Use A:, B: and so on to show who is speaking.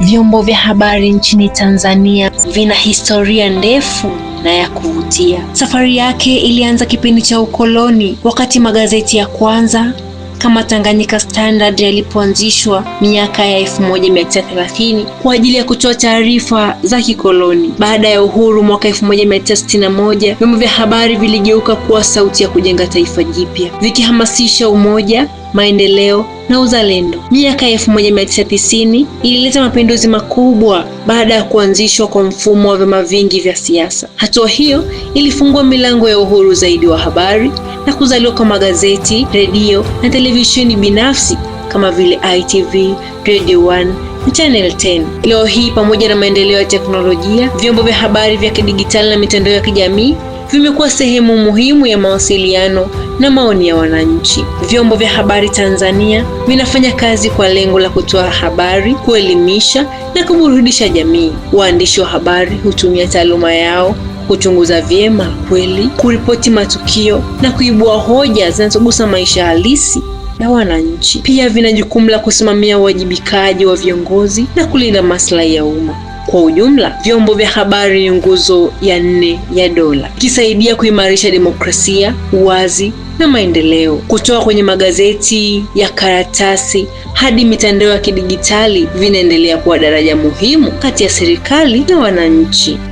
A: Vyombo vya habari nchini Tanzania vina historia ndefu na ya kuvutia. Safari yake ilianza kipindi cha ukoloni, wakati magazeti ya kwanza kama Tanganyika Standard yalipoanzishwa miaka ya 1930 kwa ajili ya kutoa taarifa za kikoloni. Baada ya uhuru mwaka 1961, vyombo vya habari viligeuka kuwa sauti ya kujenga taifa jipya, vikihamasisha umoja maendeleo na uzalendo. Miaka ya 1990 ilileta mapinduzi makubwa baada ya kuanzishwa kwa mfumo wa vyama vingi vya siasa. Hatua hiyo ilifungua milango ya uhuru zaidi wa habari na kuzaliwa kwa magazeti, redio na televisheni binafsi kama vile ITV, Radio 1 Channel 10. Leo hii, pamoja na maendeleo ya teknolojia, vyombo vya habari vya kidigitali na mitandao ya kijamii vimekuwa sehemu muhimu ya mawasiliano na maoni ya wananchi. Vyombo vya habari Tanzania vinafanya kazi kwa lengo la kutoa habari, kuelimisha na kuburudisha jamii. Waandishi wa habari hutumia taaluma yao kuchunguza vyema kweli, kuripoti matukio na kuibua hoja zinazogusa maisha halisi na wananchi. Pia vina jukumu la kusimamia uwajibikaji wa viongozi na kulinda maslahi ya umma. Kwa ujumla, vyombo vya habari ni nguzo ya nne ya dola, ikisaidia kuimarisha demokrasia, uwazi na maendeleo. Kutoka kwenye magazeti ya karatasi hadi mitandao ya kidijitali, vinaendelea kuwa daraja muhimu kati ya serikali na wananchi.